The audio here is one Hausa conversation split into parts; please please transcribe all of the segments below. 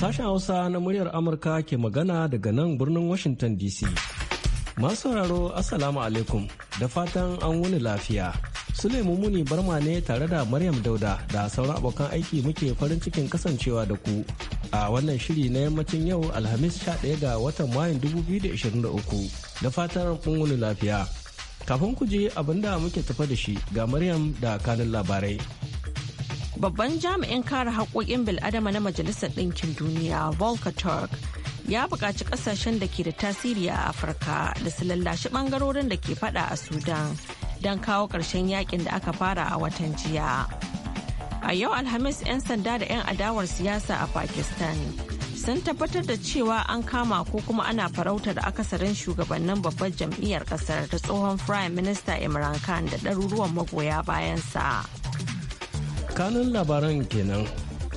Sashen Hausa na muryar Amurka ke magana daga nan birnin Washington DC. Masu sauraro Assalamu alaikum da fatan an wuni lafiya. sule Muni Barma ne tare da Maryam Dauda da sauran abokan aiki muke farin cikin kasancewa da ku a wannan shiri na yammacin yau Alhamis 11 ga watan Mayun 2023 da fatan an wuni lafiya. Kafin ku je abin da muke tafa da shi ga Maryam da kanin labarai. Babban jami'in kare haƙoƙin bil'adama na Majalisar Ɗinkin Duniya, Volker Turk, ya buƙaci ƙasashen da ke da tasiri a Afirka da su lallashi ɓangarorin da ke fada a Sudan don kawo ƙarshen yakin da aka fara a watan jiya. A yau Alhamis 'yan sanda da 'yan adawar siyasa a Pakistan sun tabbatar da cewa an kama ko kuma ana farautar akasarin shugabannin babbar jam'iyyar kasar ta tsohon prime minister imran khan da ɗaruruwan magoya bayansa kanun labaran kenan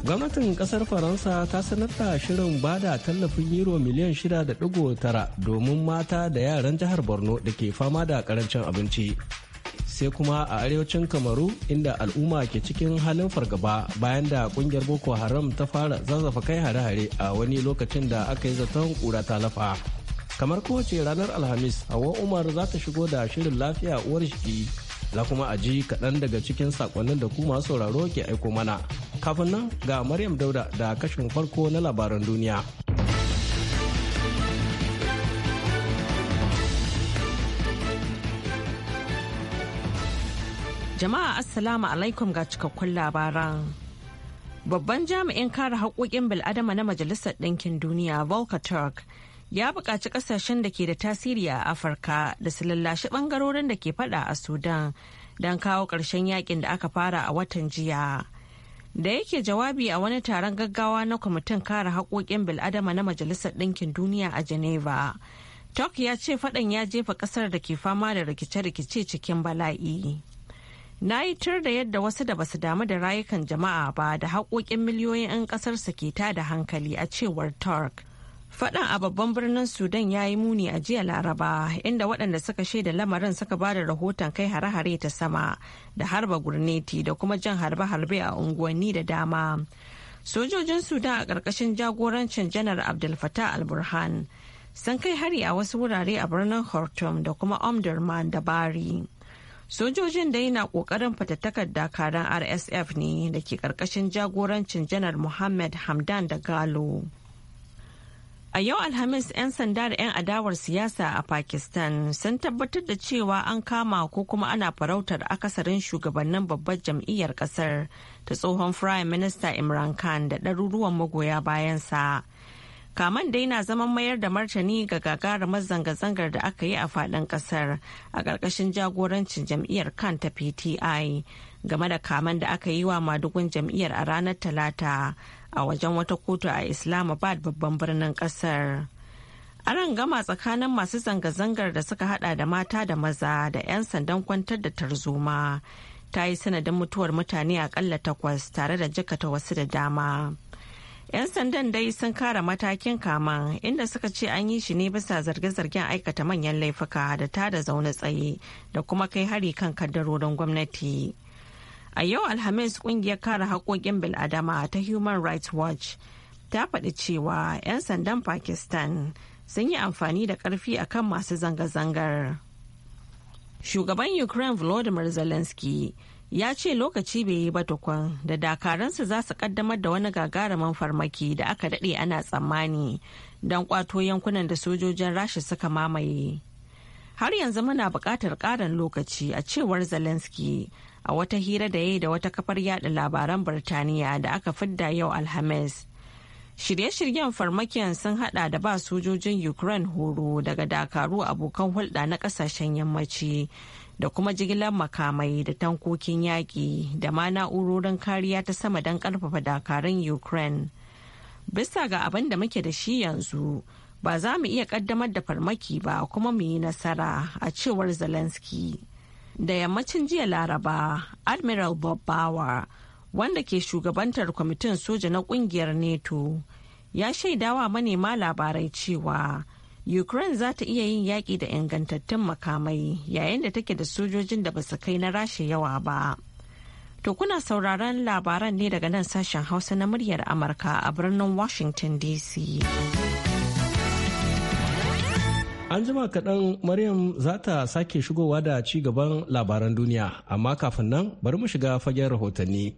gwamnatin kasar faransa ta sanar da shirin bada tallafin euro miliyan 6.9 domin mata da yaran jihar borno da ke fama da karancin abinci sai kuma a arewacin kamaru inda al'umma ke cikin halin fargaba bayan da kungiyar boko haram ta fara zazzafa kai hare-hare a wani lokacin da aka yi zaton kura ta lafa kamar kowace ranar alhamis hawa umar za ta shigo da shirin lafiya uwar jiki za kuma a ji kaɗan daga cikin sakonnin da ku masu sauraro ke aiko mana. Kafin nan ga Maryam Dauda da kashin farko na labaran duniya. Jama'a Assalamu alaikum ga cikakkun labaran. Babban jami'in kare haƙoƙin bil'adama na Majalisar Ɗinkin Duniya Volker Turk ya buƙaci ƙasashen da ke da tasiri a afirka da su lallashi ɓangarorin da ke faɗa a sudan don kawo ƙarshen yakin da aka fara a watan jiya da yake jawabi a wani taron gaggawa na kwamitin kare haƙoƙin bil'adama na majalisar ɗinkin duniya a geneva tok ya ce faɗan ya jefa ƙasar da ke fama da rikice-rikice cikin bala'i na yi tur da yadda wasu da basu damu da rayukan jama'a ba da haƙoƙin miliyoyin 'yan ƙasarsa ke tada hankali a cewar turk Faɗan a babban birnin Sudan ya yi muni a jiya Laraba inda waɗanda suka shaida lamarin suka ba da rahoton kai hare-hare ta sama da harba gurneti da kuma jan harbe-harbe a unguwanni da dama. Sojojin Sudan a ƙarƙashin jagorancin janar Abdul Fattah al-Burhan sun kai hari a wasu wurare a birnin Khartoum da kuma Omdurman da Bari. Sojojin da yana ƙoƙarin fatattakar dakaran RSF ne da ke ƙarƙashin jagorancin janar Muhammad Hamdan da Galo. A yau Alhamis 'yan sanda da 'yan adawar siyasa a Pakistan sun tabbatar da cewa an kama ko kuma ana farautar akasarin shugabannin babbar jam'iyyar kasar ta tsohon Prime Minister Imran Khan da ɗaruruwan magoya bayansa. Kaman dai na zaman mayar da martani ga gagarumar zanga-zangar da aka yi a faɗin ƙasar a ƙarƙashin jagorancin jam'iyyar Khan ta PTI game da kaman da aka yi wa madugun jam'iyyar a ranar Talata. a wajen wata kotu a Islamabad babban birnin kasar. An gama tsakanin masu zanga-zangar da suka hada da mata da maza da 'yan sandan kwantar da tarzoma ta yi sanadin mutuwar mutane akalla takwas tare da jikata wasu da dama. 'Yan sandan dai sun kara matakin kaman inda suka ce an yi shi ne bisa zarge-zargen aikata manyan laifuka da tada zaune tsaye da kuma kai hari kan kaddarorin gwamnati. A yau Alhamis kungiyar kare haƙoƙin bil'adama ta Human Rights Watch ta faɗi cewa 'yan sandan Pakistan sun yi amfani da ƙarfi akan masu zanga-zangar. Shugaban Ukraine Volodymyr Zelensky ya ce lokaci bai yi ba tukun da dakaransa za su kaddamar da wani gagarumin farmaki da aka daɗe ana tsammani don kwato yankunan da sojojin rasha suka mamaye. Har yanzu muna buƙatar ƙarin lokaci a cewar Zelensky a wata hira da ya da wata kafar yada labaran burtaniya da aka fidda yau Alhamis. Shirye-shiryen farmakin sun hada da ba sojojin Ukraine horo daga dakaru abokan hulɗa na ƙasashen yammaci da kuma jigilar makamai da tankokin yaƙi da ma na'urorin kariya ta sama don ƙarfafa dakarun Ukraine. Bisa ga abin da muke da shi yanzu, ba za mu iya ƙaddamar da farmaki ba kuma mu yi nasara a cewar Zelensky. da yammacin jiya laraba admiral bob bawa wanda ke shugabantar kwamitin soja na kungiyar NATO ya shaidawa manema labarai cewa ukraine za ta iya yin yaƙi da ingantattun makamai yayin da take da sojojin da basu kai na rashe yawa ba to kuna sauraron labaran ne daga nan sashen hausa na muryar amurka a birnin washington dc An jima kaɗan Maryam za ta sake shigowa da ci gaban labaran duniya, amma kafin nan bari mu shiga fagen rahotanni.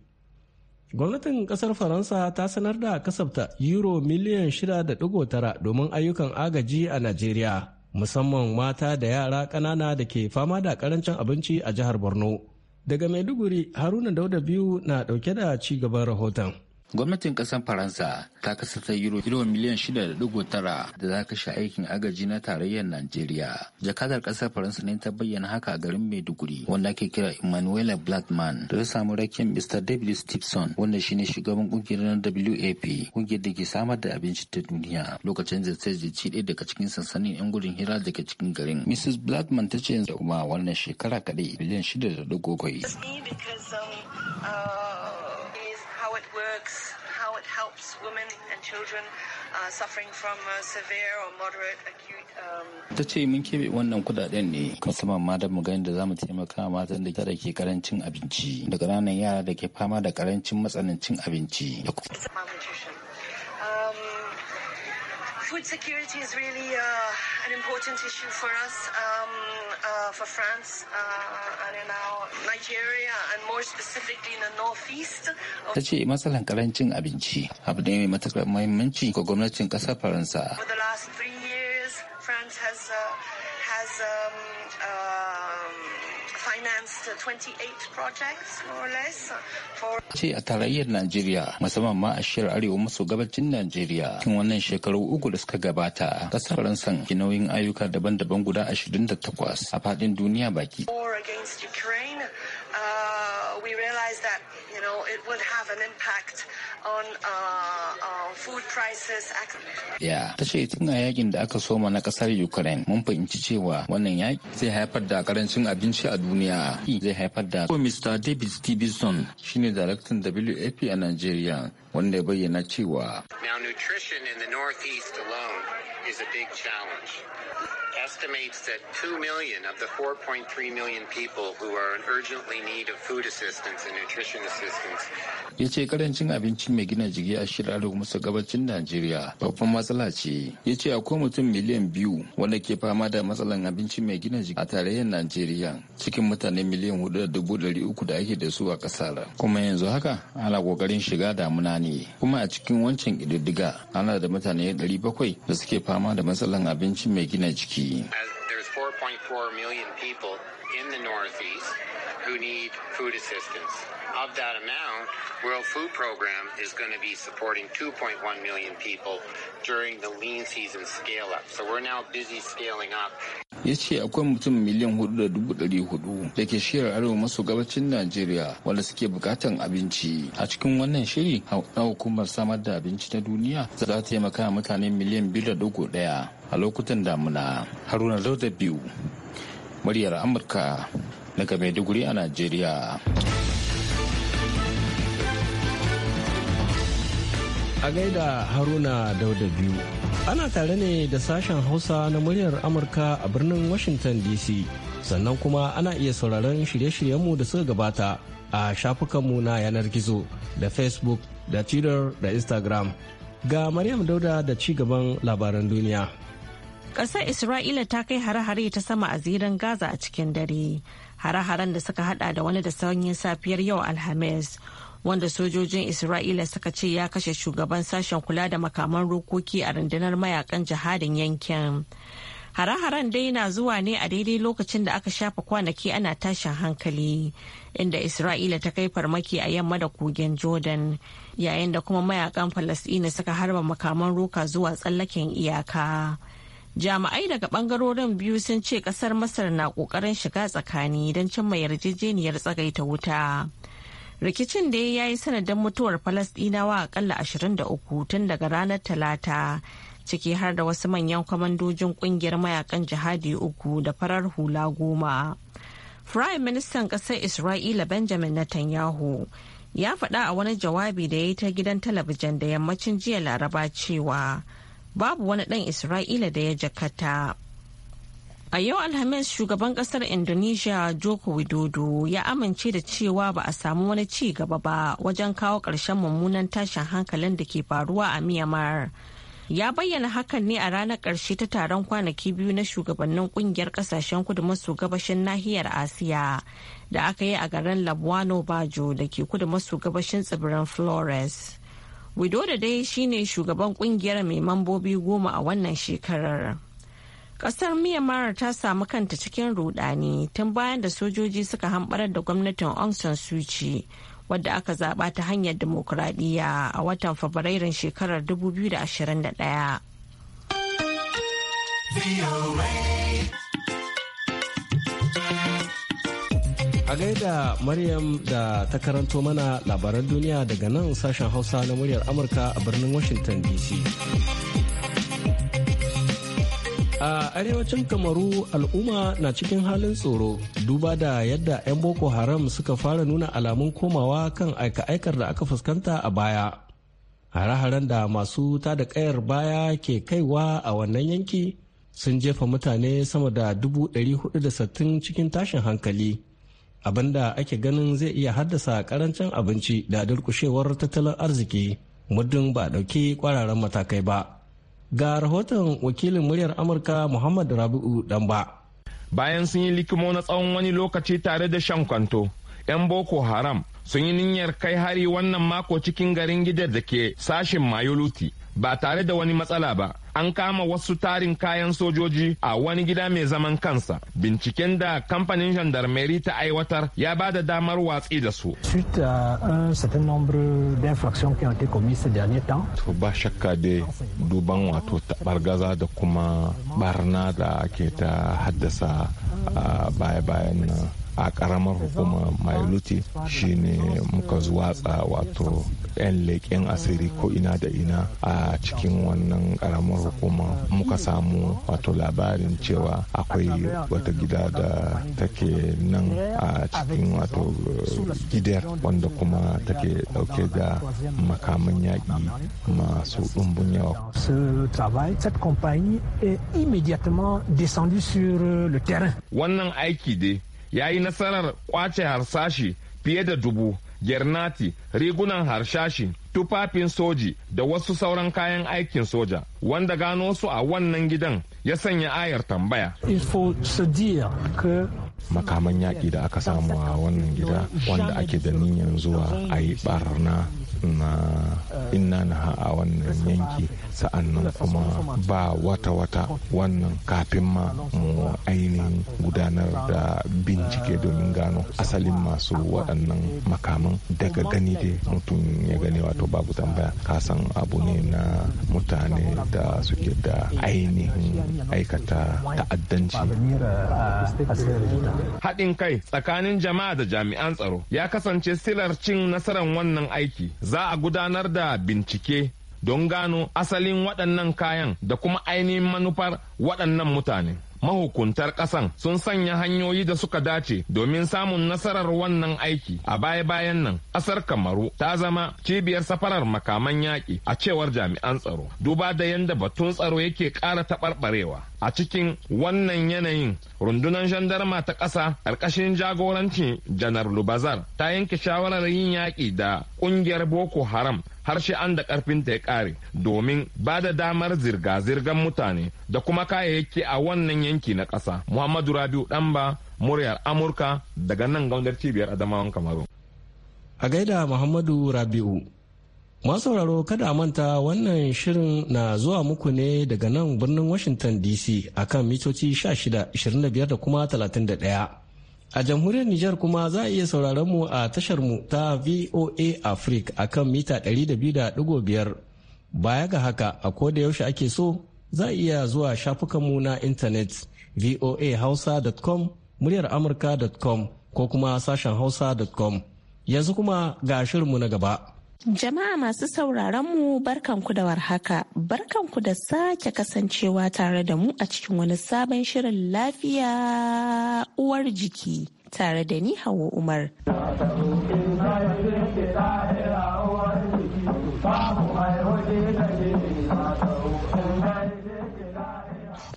Gwamnatin ƙasar Faransa ta sanar da kasafta euro miliyan 6.9 domin ayyukan agaji a Najeriya, musamman mata da yara ƙanana da ke fama da ƙarancin abinci a jihar Borno. Daga Maiduguri, Haruna Dauda biyu na ɗauke da ci gaban rahoton. Gwamnatin ƙasar Faransa ta ta yi euro miliyan 6.9 da za kashe aikin agaji na tarayyar Najeriya. Jakadar ƙasar Faransa ne ta bayyana haka a garin Maiduguri wanda ake kira Emmanuel Blackman da ta samu rakin Mr. David Stevenson", wanda shi ne shugaban ƙungiyar na WAP ƙungiyar da ke samar da abinci ta duniya lokacin da ta ci ɗaya daga cikin sansanin 'yan gudun hira daga cikin garin. Mrs. Blackman ta ce yanzu kuma wannan shekara kaɗai miliyan 6.7. crops, women and children uh, suffering from uh, severe or moderate acute. Um, Ta ce mun kebe wannan kudaden ne, musamman ma da magani da zamu taimaka matan da tara ke karancin abinci, da ƙananan yara da ke fama da karancin matsanancin abinci. food security is really uh, an important issue for us, um, uh, for France, uh, and our Nigeria, and more specifically in the northeast. Ta ce karancin abinci abu ne mai muhimmanci ga gwamnatin Faransa. For the last three years, France has, uh, has um, uh, ce a tarayyar Najeriya musamman ma a shiyar arewa maso gabacin Najeriya cikin wannan shekaru uku da suka gabata kasar Faransa ke nauyin ayyuka daban-daban guda 28 a faɗin duniya baki. Uh, we realized that, you know, it would have an impact on uh, uh, food prices. Ya, ta ce tun a yakin da aka soma na kasar Ukraine mun fahimci cewa wannan yaki zai haifar da karancin abinci a duniya. Zai haifar da ko Mr. David Stevenson shine daraktan WFP a Nigeria wanda ya bayyana cewa. Now in the northeast alone is a big challenge. estimates that 2 million of the 4.3 million people who are in urgently need of food assistance and nutrition assistance. Ya ce karancin abinci mai gina jiki a shirar musu gabacin Najeriya babban matsala ce. Ya ce akwai mutum miliyan biyu wanda ke fama da matsalan abinci mai gina jiki a tarayyar Najeriya cikin mutane miliyan hudu da dubu dari uku da ake da su a kasar. Kuma yanzu haka ana kokarin shiga damuna ne. Kuma a cikin wancan ƙididdiga ana da mutane ɗari bakwai da suke fama da matsalan abinci mai gina jiki. As there's four 4.4 million people in the Northeast who need food assistance. Of that amount, World Food Program is going to be supporting 2.1 million people during the lean season scale up. So we're now busy scaling up. ya ce akwai mutum miliyan hudu da dubu dari hudu da ke shirar arewa maso gabacin najeriya wanda suke bukatan abinci a cikin wannan shiri na hukumar samar da abinci ta duniya za ta taimaka mutane miliyan biyu da dugu daya a lokutan damuna haruna dauda biyu muryar amurka daga maiduguri a najeriya a gaida haruna dauda biyu ana tare ne da sashen hausa na muryar amurka a birnin washington dc sannan kuma ana iya sauraron shirye-shiryenmu da suka gabata a shafukanmu na yanar gizo da facebook da twitter da instagram ga maryam dauda da ci gaban labaran duniya Ƙasar Isra'ila ta kai hare-hare ta sama a zirin Gaza a cikin dare. Hare-haren da suka hada da wani da sanyin safiyar yau Alhamis. Wanda sojojin Isra'ila suka ce ya kashe shugaban sashen kula da makaman rokoki a rundunar mayakan jihadin yankin. Hare-haren dai na zuwa ne a daidai lokacin da aka shafa kwanaki ana tashin hankali, inda Isra'ila ta kai farmaki a yamma da kogin Jordan, yayin da kuma mayakan Falasɗina suka harba makaman roka zuwa tsallaken iyaka. jami'ai daga bangarorin biyu sun ce kasar masar na kokarin shiga tsakani don cimma yarjejeniyar tsagaita wuta rikicin da ya yi sanadin mutuwar falasdinawa akalla 23 tun daga ranar talata ciki har da wasu manyan kwamandojin kungiyar mayakan jihadi uku da farar hula goma prime ministan kasar isra'ila benjamin netanyahu ya faɗa a wani jawabi da ya yi ta gidan talabijin da yammacin jiya laraba cewa babu wani ɗan isra'ila da ya jakata a yau alhamis shugaban kasar indonesia joko widodo ya amince da cewa ba a samu wani ci gaba ba wajen kawo ƙarshen mummunan tashin hankalin da ke faruwa a myanmar ya bayyana hakan ne a ranar ƙarshe ta taron kwanaki biyu na shugabannin kungiyar kasashen kudu maso gabashin nahiyar asiya da aka yi a garin labuano bajo da ke kudu maso gabashin tsibirin flores wido da dai shine shugaban kungiyar mai mambobi goma a wannan shekarar. Kasar Myanmar ta samu kanta cikin rudani tun bayan da sojoji suka hambarar da gwamnatin Aung San Suu Kyi wadda aka zaba ta hanyar demokuraɗiyya a watan Fabrairun shekarar 2021. A gaida Maryam da ta karanto mana labaran duniya daga nan sashen Hausa na muryar Amurka a birnin Washington DC. A arewacin Kamaru al'umma na cikin halin tsoro duba da yadda 'yan Boko Haram suka fara nuna alamun komawa kan aika-aikar da aka fuskanta a baya. Hare-haren da masu tada kayar baya ke kaiwa a wannan yanki sun jefa mutane sama da 460 cikin tashin hankali. abinda ake ganin zai iya haddasa karancin abinci da durkushewar tattalin arziki muddin ba ɗauki kwararan matakai ba ga rahoton wakilin muryar amurka muhammad rabi'u damba bayan sun yi likimo na tsawon wani lokaci tare da shan kwanto 'yan boko haram sun yi niyyar kai hari wannan mako cikin garin gidan da ke sashin mayoluti ba tare da wani matsala ba an kama wasu tarin kayan sojoji a wani gida mai zaman kansa binciken da kamfanin gendarmerie ta aiwatar ya ba da damar watsi da su to ba shakka dai duban wato gaza da kuma barna da ake ta haddasa baya-bayan a karamar hukumar mayoluti shine muka zuwatsa wato 'yan leƙen asiri ko ina da ina a cikin wannan ƙaramar hukuma muka samu wato labarin cewa akwai wata gida da take nan a cikin wato eh, gidar wanda kuma take dauke da makaman yaƙi masu ɗumbun yawa. Wannan aiki dai ya yi nasarar kwace harsashi fiye da dubu gernati rigunan harshashi tufafin soji da wasu sauran kayan aikin soja wanda gano su a wannan gidan ya sanya ayar tambaya makaman yaƙi da aka samu a wannan gida wanda ake da niyan zuwa a yi barna na inna na a wannan yanki sa'annan kuma ba wata-wata wannan kafin ma mu ainihin gudanar da bincike domin gano asalin masu waɗannan makaman daga gani dai mutum ya gani wato babu tambaya kasan abu ne na mutane da suke da ainihin aikata ta'addanci haɗin kai tsakanin jama'a da jami'an tsaro ya kasance silar cin nasarar wannan aiki za a gudanar da bincike don gano asalin waɗannan kayan da kuma ainihin manufar waɗannan mutane. mahukuntar ƙasan sun sanya hanyoyi da suka dace domin samun nasarar wannan aiki a baya-bayan nan ƙasar kamaru ta zama cibiyar safarar makaman yaƙi a cewar jami'an tsaro duba da yadda batun tsaro yake ƙara taɓarɓarewa a cikin wannan yanayin rundunar jandarma ta ƙasa ƙarƙashin jagorancin janar lubazar ta yanke shawarar yin yaƙi da ƙungiyar boko haram har shi an da ta ya kare domin ba da damar zirga-zirgar mutane da kuma kayayyaki a wannan yanki na ƙasa muhammadu rabiu ɗanba muryar amurka daga nan gaunar cibiyar adamawan kamaru a gaida muhammadu rabiu masu sauraro kada manta wannan shirin na zuwa muku ne daga nan birnin washington dc akan mitoci 16 25 da kuma 31 A jamhuriyar Nijar kuma za a iya sauraron mu a tashar mu ta VOA Africa akan mita 200.5. Baya ga haka a da yaushe ake so za a iya zuwa shafukanmu na intanet voahausa.com muryar amurka.com ko kuma sashen hausa.com yanzu kuma ga shirinmu na gaba. Jama'a masu sauraron mu barkanku da warhaka, barkanku da sake kasancewa tare da mu a cikin wani sabon shirin lafiya uwar jiki tare da ni Hauwa Umar.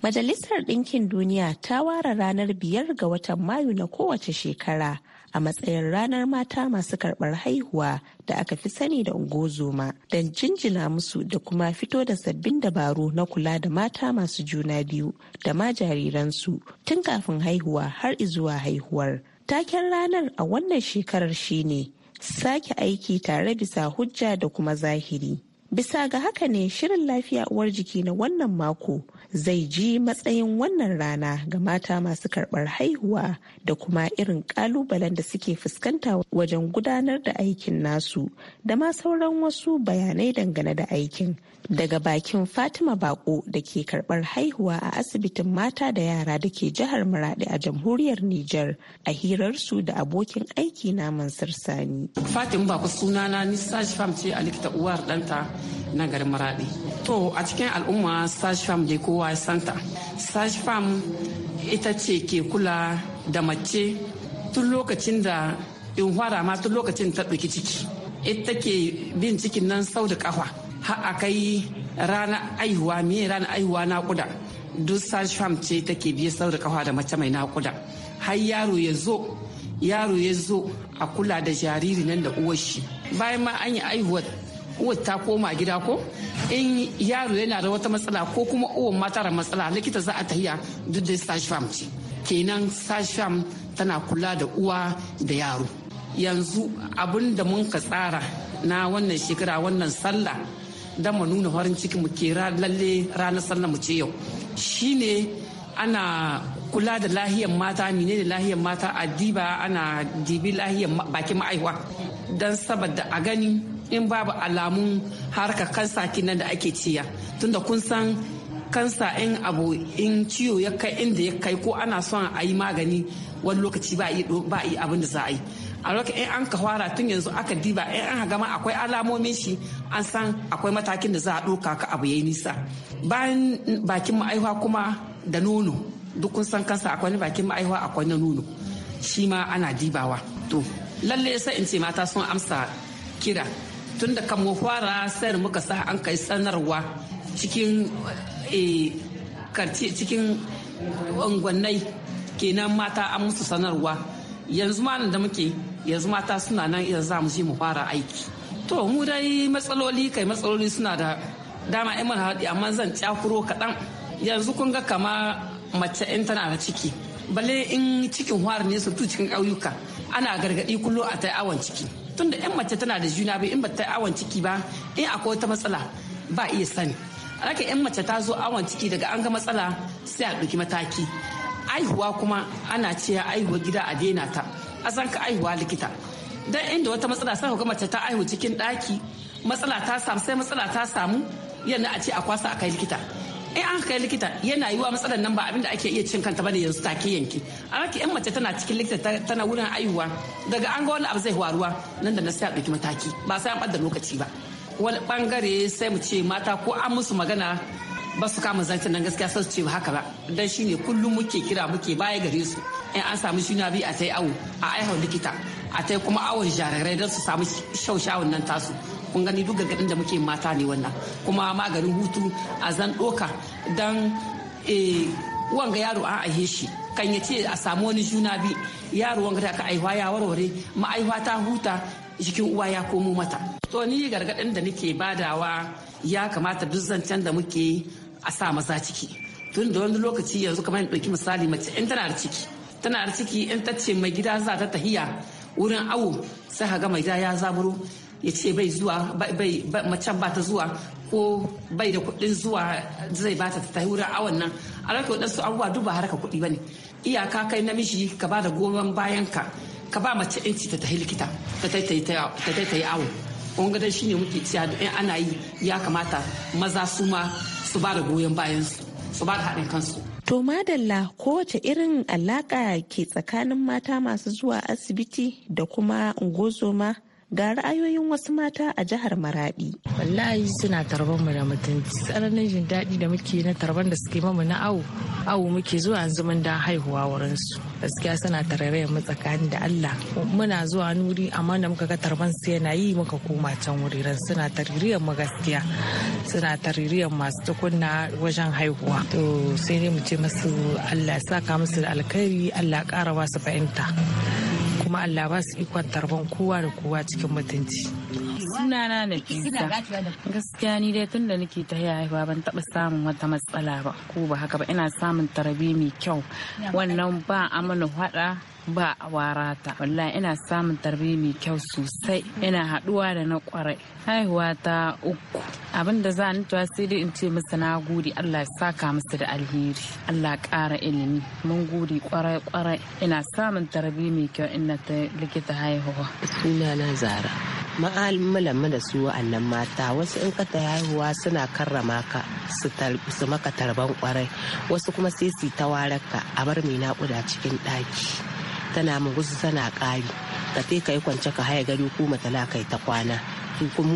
Majalisar Ɗinkin Duniya ta ware ranar biyar ga watan Mayu na kowace shekara a matsayin ranar mata masu karɓar haihuwa da aka fi sani da ungozoma don jinjina musu da kuma fito da sabbin dabaru na kula da mata masu juna biyu da ma jariransu tun kafin haihuwa har zuwa haihuwar. Taken ranar a wannan shekarar shine sake aiki tare bisa hujja da kuma zahiri. Bisa ga haka ne shirin lafiya uwar jiki na wannan mako zai ji matsayin wannan rana ga mata masu karɓar haihuwa da kuma irin ƙalubalen da suke fuskanta wajen gudanar da aikin nasu da ma sauran wasu bayanai dangane da aikin. Daga bakin Fatima Bako da ke karɓar haihuwa a asibitin mata da yara da ke jihar Maraɗi a jamhuriyar Nijar a hirarsu da abokin aiki na mansar Sani. Fatima Bako sunana Nisa ce a likita uwar ɗanta na garin maradi to a cikin al'umma sash farm dai kowa ya santa sash farm ita ce ke kula da mace tun lokacin da in fara ma tun lokacin ta ɗauki ciki ita ke bin cikin nan sau da kafa har a kai rana aihuwa me rana aihuwa naƙuda duk sash farm ce ta ke biye sau da kafa da mace mai naƙuda har yaro ya zo yaro ya zo a kula da jariri nan da uwar shi bayan ma an yi aihuwar uwar ta koma gida ko in yaro yana da wata matsala ko kuma uwar mata da matsala likita za a tahiya duk da sash fam ce kenan sash fam tana kula da uwa da yaro yanzu abin da mun ka tsara na wannan shekara wannan sallah don mu nuna farin ciki mu ke lalle ranar sallah mu ce yau shine ana kula da lahiyar mata mine da lahiyar mata a diba ana dibi lahiyar bakin ma'aiwa don saboda a gani in babu alamun harka kansa kinan da ake ciya tunda kun san kansa in abu in ciwo ya kai inda ya kai ko ana son a yi magani wani lokaci ba a yi abin da za a yi a lokacin in an ka fara tun yanzu aka diba in an gama akwai alamomin shi an san akwai matakin da za a ɗauka ka abu ya yi nisa bayan bakin ma'aihuwa kuma da nono duk kun san kansa akwai bakin ma'aihuwa akwai na nono shi ma ana dibawa to lalle sai in ce mata sun amsa kira tun da kamo fara sayar muka sa an kai sanarwa cikin eh, cikin ungwannai kenan mata an musu sanarwa yanzu ma da muke yanzu mata suna nan iya za mu mu fara aiki to mu dai matsaloli kai matsaloli suna da dama ai mara haɗi amma zan cakuro kaɗan yanzu kun ga kama mace in tana da ciki balle in cikin hwara ne su cikin ƙauyuka ana gargaɗi kullum a ta awon ciki tunda yan mace tana da juna biyu in bata awon ciki ba in akwai wata matsala ba iya sani alaka yan mace ta zo awon ciki daga an ga matsala sai a ɗauki mataki aihuwa kuma ana cewa aihuwa gida a daina ta a san ka aihuwa likita dan inda wata matsala sai ga mace ta aihu cikin ɗaki matsala ta samu sai matsala ta samu yana a ce a kwasa a kai likita in eh, an kai likita yana yiwa matsalar nan ba abin da ake iya cin kanta bane yanzu take yanki an ki yan mace tana cikin likita tana wurin ayuwa daga an ga wani abu zai waruwa nan da na sai a ɗauki mataki ba sai an ɓadda lokaci ba wani bangare sai mu ce mata ko an musu magana ba su kama zancen nan gaskiya sai su ce ba haka ba dan ne kullum muke kira muke baya gare su in an samu na biyu a tai awo a aihau likita a tai kuma awon jarirai don su samu shaushawun nan tasu kun gani duk gargadin da muke mata ne wannan kuma maganin hutu a zan doka don eh, wanga yaro an aihe shi kan ya ce a samu wani juna bi yaro wanga da aka aihuwa ya warware ma'aihuwa ta huta jikin uwa ya komo mata to ni gargadin da nake badawa ya kamata duk zancen da muke a sa maza ciki tun da wani lokaci yanzu kamar ɗauki misali mace in tana da ciki tana da ciki in ta ce mai gida za ta tahiya wurin awo sai ka ga mai gida ya zaburo ya ce bai zuwa bai macen ba ta zuwa ko bai da kuɗin zuwa zai ba ta ta wurin awon nan a rake waɗansu abubuwa duk ba harka kuɗi ba ne iyaka kai namiji ka ba da goyon bayan ka ka ba mace yanci ta tahi likita ta ta yi awo wanga dai shine muke cewa da in ana yi ya kamata maza su ma su ba da goyon bayan su su ba da haɗin kansu To madalla kowace irin alaka ke tsakanin mata masu zuwa asibiti da kuma ungozoma ga ra'ayoyin wasu mata a jihar maradi wallahi suna tarban mu da mutunci tsananin jin daɗi da muke na tarban da suke mamu na awu awu muke zuwa yanzu mun da haihuwa wurin su gaskiya suna tarare mu tsakani da Allah muna zuwa nuri amma da muka ga tarban su yana yi muka koma can wuriran suna taririyar mu gaskiya suna taririyar masu tukunna wajen haihuwa to sai ne mu ce masu Allah ya saka musu da alkhairi Allah ya ƙara ba su fahimta kuma Allah ba su ikon tarban kowa da kowa cikin mutunci. sunana na gaskiya ni dai tun da nake ta haihuwa ban taɓa samun wata matsala ba ko ba haka ba ina samun tarabi mai kyau wannan ba amana hada ba a warata wallahi ina samun tarbi mai kyau sosai ina haɗuwa da na kwarai haihuwa ta uku abin da za ni tuwa sai dai in ce masa na gode Allah ya saka musu da alheri Allah kara ilimi mun gode kwarai kwarai ina samun tarbiyya mai kyau ina ta likita haihuwa sunana zara ma'almalan da su wa'annan mata wasu in ka ta haihuwa suna karrama ka su maka tarban kwarai wasu kuma sai su ta waraka a bar mai naƙuda cikin ɗaki tana mugusu tana kari ka te ka yi kwance ka haya gari ko matala kai ta kwana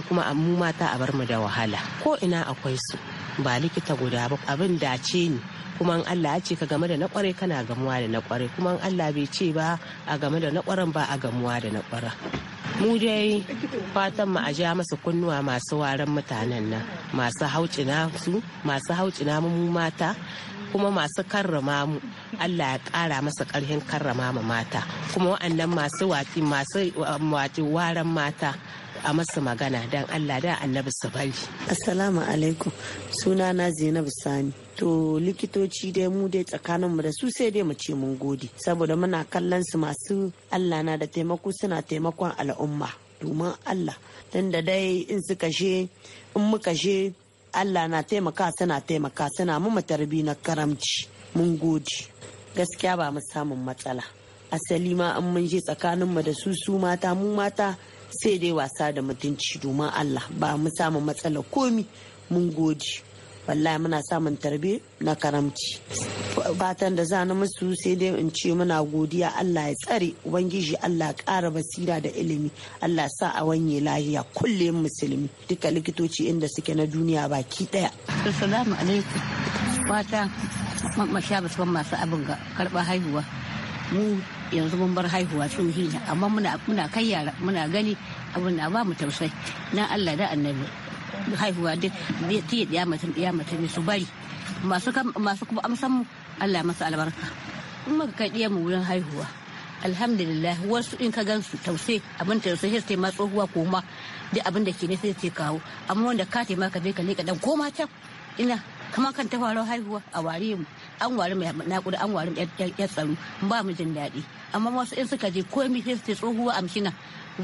kuma mu mata a bar mu da wahala ko ina akwai su ba likita guda ba abin dace ni kuma Allah ya ce ka game da na kware kana gamuwa da na kware kuma Allah bai ce ba a game da na kwaren ba a gamuwa da na kwara mu dai fatan mu a ja masa kunnuwa masu waran mutanen nan masu haucina su masu haucina mu mata kuma masu karrama mu Allah ya ƙara masa ƙarfin karrama mu mata kuma wa'annan masu wati masu um, wati waran mata a masa magana don Allah da annabi su bari. Assalamu alaikum suna na Zainab Sani. To likitoci dai mu dai mu da su sai dai mu ce mun gode saboda muna kallon su masu Allah na da taimako suna taimakon al'umma domin Allah. Tunda dai in suka she in muka she Allah na taimaka tana taimaka tana mu tarbi na karamci mun gode gaskiya ba mu samun matsala asali ma an mun je tsakanin mu da su mata mu mata sai dai wasa da mutunci domin Allah ba mu samun matsala komi mun gode wallahi muna samun tarbe na karamci fatan da na musu sai dai in ce muna godiya Allah ya tsare ubangiji Allah ƙara basira da ilimi Allah sa a wanye lahiya kulle musulmi duka likitoci inda suke na duniya baki daya assalamu alaikum mata masha basu masu abin ga karba haihuwa mu yanzu mun bar haihuwa sun hina amma muna muna kai yara muna gani abin na ba mu tausai na Allah da annabi haihuwa duk tiye ya mutum ne mutum su bari masu kuma amsan Allah masa albarka in maka kai ɗiya mu wurin haihuwa alhamdulillah wasu in ka gansu tausai abin tausai sai ma tsohuwa ko ma duk abin da ke ne sai ce kawo amma wanda ka taimaka zai ka ne ka dan koma can ina kama kan ta faro haihuwa a ware mu an ware mu na nakuda an mu yar tsaro ba mu jin daɗi amma wasu in suka je komai sai su tsohuwa amshina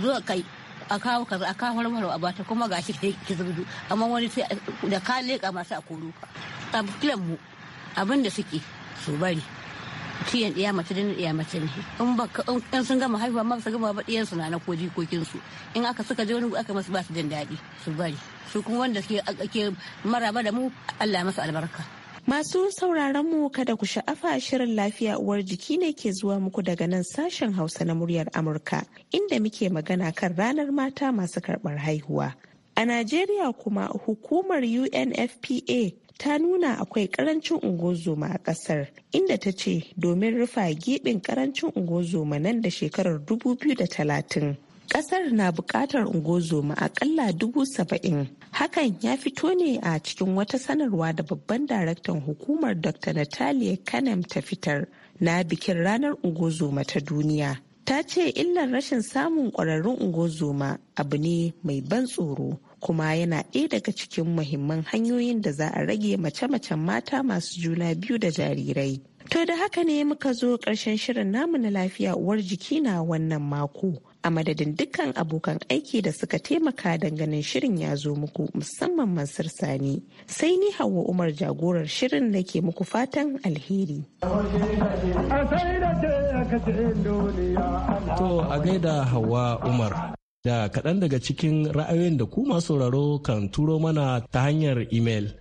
zuwa kai a kawo kaza a kawo warwaro a bata kuma shi ke zurdu amma wani sai da ka leƙa masu a koro ka tsakilan mu abinda da suke su bari ciyan ɗaya mace da ɗaya mace ne in ba in sun gama haihuwa ma su gama ba ɗiyan su na na ko jikokin su in aka suka je wani aka masu ba su jin daɗi su bari su kuma wanda ke maraba da mu Allah masa albarka Masu sauraron mu kada ku sha'afa shirin lafiya uwar jiki ne ke zuwa muku daga nan sashen Hausa na muryar Amurka inda muke magana kan ranar mata masu karɓar haihuwa. A Najeriya kuma hukumar UNFPA ta nuna akwai karancin ungozoma a ƙasar, inda ta ce domin rufa gibin karancin ungozoma nan da shekarar 2030 kasar na bukatar ungozoma akalla dubu saba'in hakan ya fito ne a cikin wata sanarwa da babban daraktan hukumar dr natalia kanem ta fitar na bikin ranar ungozoma ta duniya ta ce illar rashin samun ƙwararrun ungozoma abu ne mai ban tsoro kuma yana ɗaya daga cikin muhimman hanyoyin da za a rage mace-macen mata masu juna biyu da jarirai to da haka ne muka zo ƙarshen shirin namu na lafiya uwar jiki na wannan mako a madadin dukkan abokan aiki da suka taimaka danganin shirin ya zo muku musamman mansur sani sai ni hawa umar jagorar shirin da ke muku fatan alheri to a gaida hawa umar da kaɗan daga cikin ra'ayoyin da kuma masu sauraro kan turo mana ta hanyar imel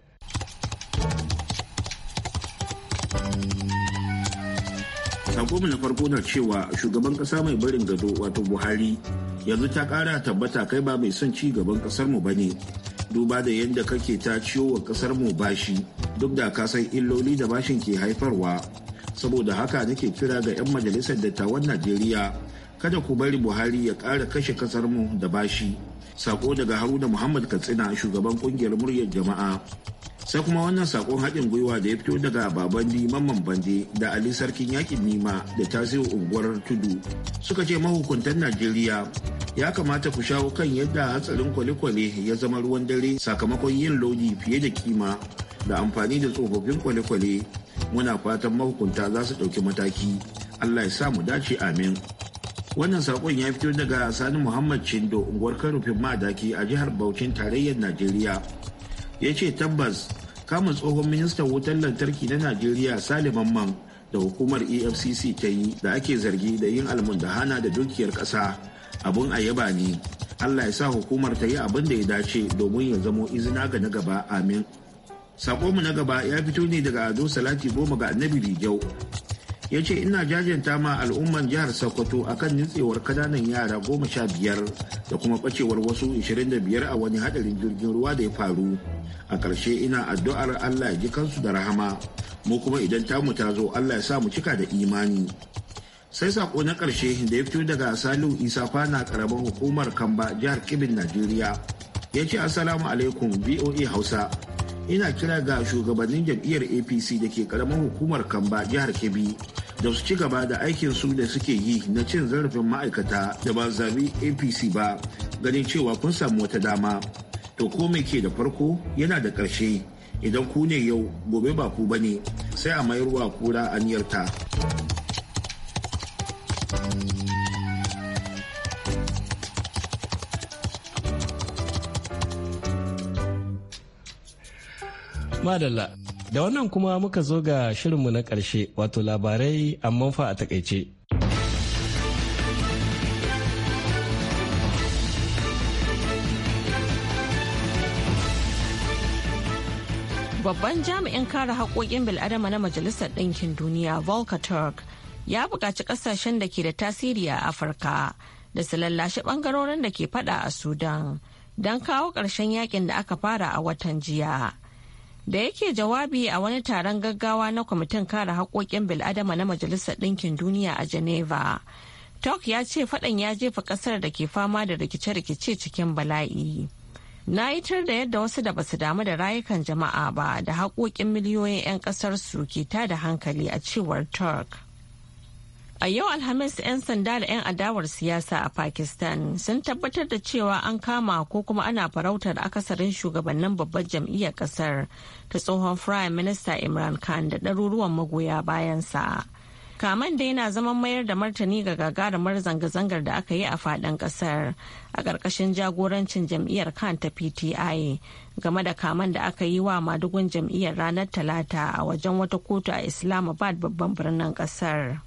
sako na farko na cewa shugaban kasa mai barin gado wato buhari yanzu ta kara tabbata kai ba mai son ci gaban kasar mu bane duba da yadda kake ta ciwo wa kasar mu bashi duk da ka san illoli da bashin ke haifarwa saboda haka nake kira ga 'yan majalisar dattawan najeriya kada ku bari buhari ya kara kashe kasar mu da bashi sako daga haruna muhammad katsina shugaban kungiyar muryar jama'a sai kuma wannan sakon haɗin gwiwa da ya fito daga babandi mamman bande da ali sarkin yakin nima da tasiru unguwar tudu suka ce mahukuntan najeriya ya kamata ku shawo kan yadda hatsarin kwalekwale ya zama ruwan dare sakamakon yin lodi fiye da kima da amfani da tsofaffin kwalekwale muna fatan mahukunta za su ɗauki mataki allah ya sa mu dace amin Wannan sakon ya fito daga Sani Muhammad Chindo unguwar karufin madaki a jihar Bauchin tarayyar Najeriya. Ya ce tabbas kamun tsohon ministan wutar lantarki na Najeriya Saliman Man da hukumar EFCC ta yi da ake zargi da yin almundahana da dukiyar kasa abun a yaba ne. Allah ya sa hukumar ta yi abin da ya dace domin ya zamo izina ga na gaba amin. Sakonmu na gaba ya fito ne daga Ado Salati Goma ga Annabi Rijau ya ce ina jajanta ma al'umman jihar sokoto akan nutsewar kananan yara goma sha biyar da kuma bacewar wasu 25 a wani hadarin jirgin ruwa da ya faru a ƙarshe ina addu'ar allah ji kansu da rahama mu kuma idan tamu ta zo allah ya sa mu cika da imani sai sako na ƙarshe da ya fito daga salihu isa fana karamar hukumar kamba jihar kibin najeriya ya ce assalamu alaikum voa hausa ina kira ga shugabannin jam'iyyar apc da ke karamar hukumar kamba jihar kebbi da su ci gaba da aikin su da suke yi na cin zarafin ma'aikata da ba zabi apc ba ganin cewa kun samu wata dama to ko mai ke da farko yana da ƙarshe idan ku ne yau gobe ba ku bane sai a mayarwa kura a aniyarta. Madalla. Da wannan kuma muka zo ga shirinmu na ƙarshe wato labarai amma fa a takaice. Babban jami'in kare haƙoƙin bil'adama na Majalisar Ɗinkin Duniya Volker Turk ya buƙaci ƙasashen da ke da tasiri a Afirka da su lallashi ɓangarorin da ke fada a Sudan don kawo ƙarshen yakin da aka fara a watan jiya. da yake jawabi a wani taron gaggawa na kwamitin kare haƙoƙin bil'adama na majalisar ɗinkin duniya a geneva tok ya ce faɗan ya jefa ƙasar da ke fama da rikice-rikice cikin bala'i na yitar da yadda wasu da basu damu da rayukan jama'a ba da haƙoƙin miliyoyin 'yan ƙasar su ke da hankali a cewar turk A yau Alhamis 'yan sanda da 'yan adawar siyasa a Pakistan sun tabbatar da cewa an kama ko kuma ana farautar akasarin shugabannin babbar jam'iyyar kasar ta tsohon Prime Minister Imran Khan da ɗaruruwan magoya bayansa. Kaman da yana zaman mayar da martani ga gagarumar zanga-zangar da aka yi a faɗin ƙasar a ƙarƙashin jagorancin jam'iyyar Khan ta PTI game da kaman da aka yi wa madugun jam'iyyar ranar Talata a wajen wata kotu a Islamabad babban birnin ƙasar.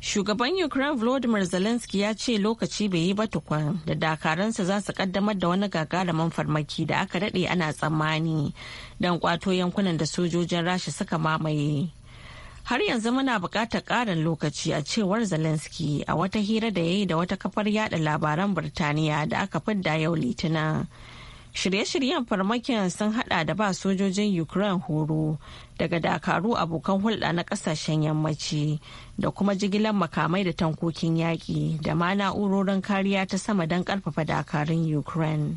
Shugaban Ukraine Volodymyr Zelensky ya ce lokaci bai yi ba tukun da dakaransa za su kaddamar da wani gagaraman farmaki da aka daɗe ana tsammani don kwato yankunan da sojojin rasha suka mamaye. Har yanzu muna buƙatar ƙarin lokaci a cewar Zelensky a wata hira da ya yi da wata kafar yada labaran Birtaniya da aka fidda yau Litinin. Shirye-shiryen farmakin sun hada da ba sojojin Ukraine horo daga dakaru abokan hulɗa na ƙasashen yammaci da kuma jigilar makamai da tankokin yaƙi da ma na'urorin kariya ta sama don ƙarfafa dakarun Ukraine.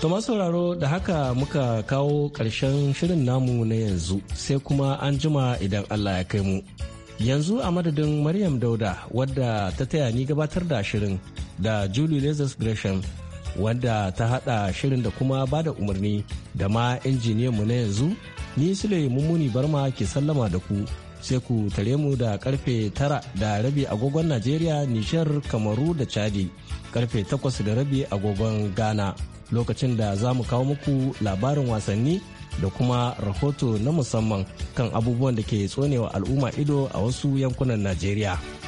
kuma sauraro da haka muka kawo ƙarshen shirin namu na yanzu sai kuma an jima idan Allah ya kai mu. yanzu a madadin maryam dauda wadda ta taya ni gabatar da shirin da julie lazarus gresham wadda ta hada shirin da kuma ba da umarni da ma mu na yanzu ni sule mummuni barma ke sallama da ku sai ku tare mu da karfe tara da rabi agogon najeriya nishar kamaru da chadi karfe takwas da rabi agogon ghana lokacin da za mu kawo muku labarin wasanni da kuma rahoto na musamman kan abubuwan da ke tsonewa al'umma ido a wasu yankunan najeriya.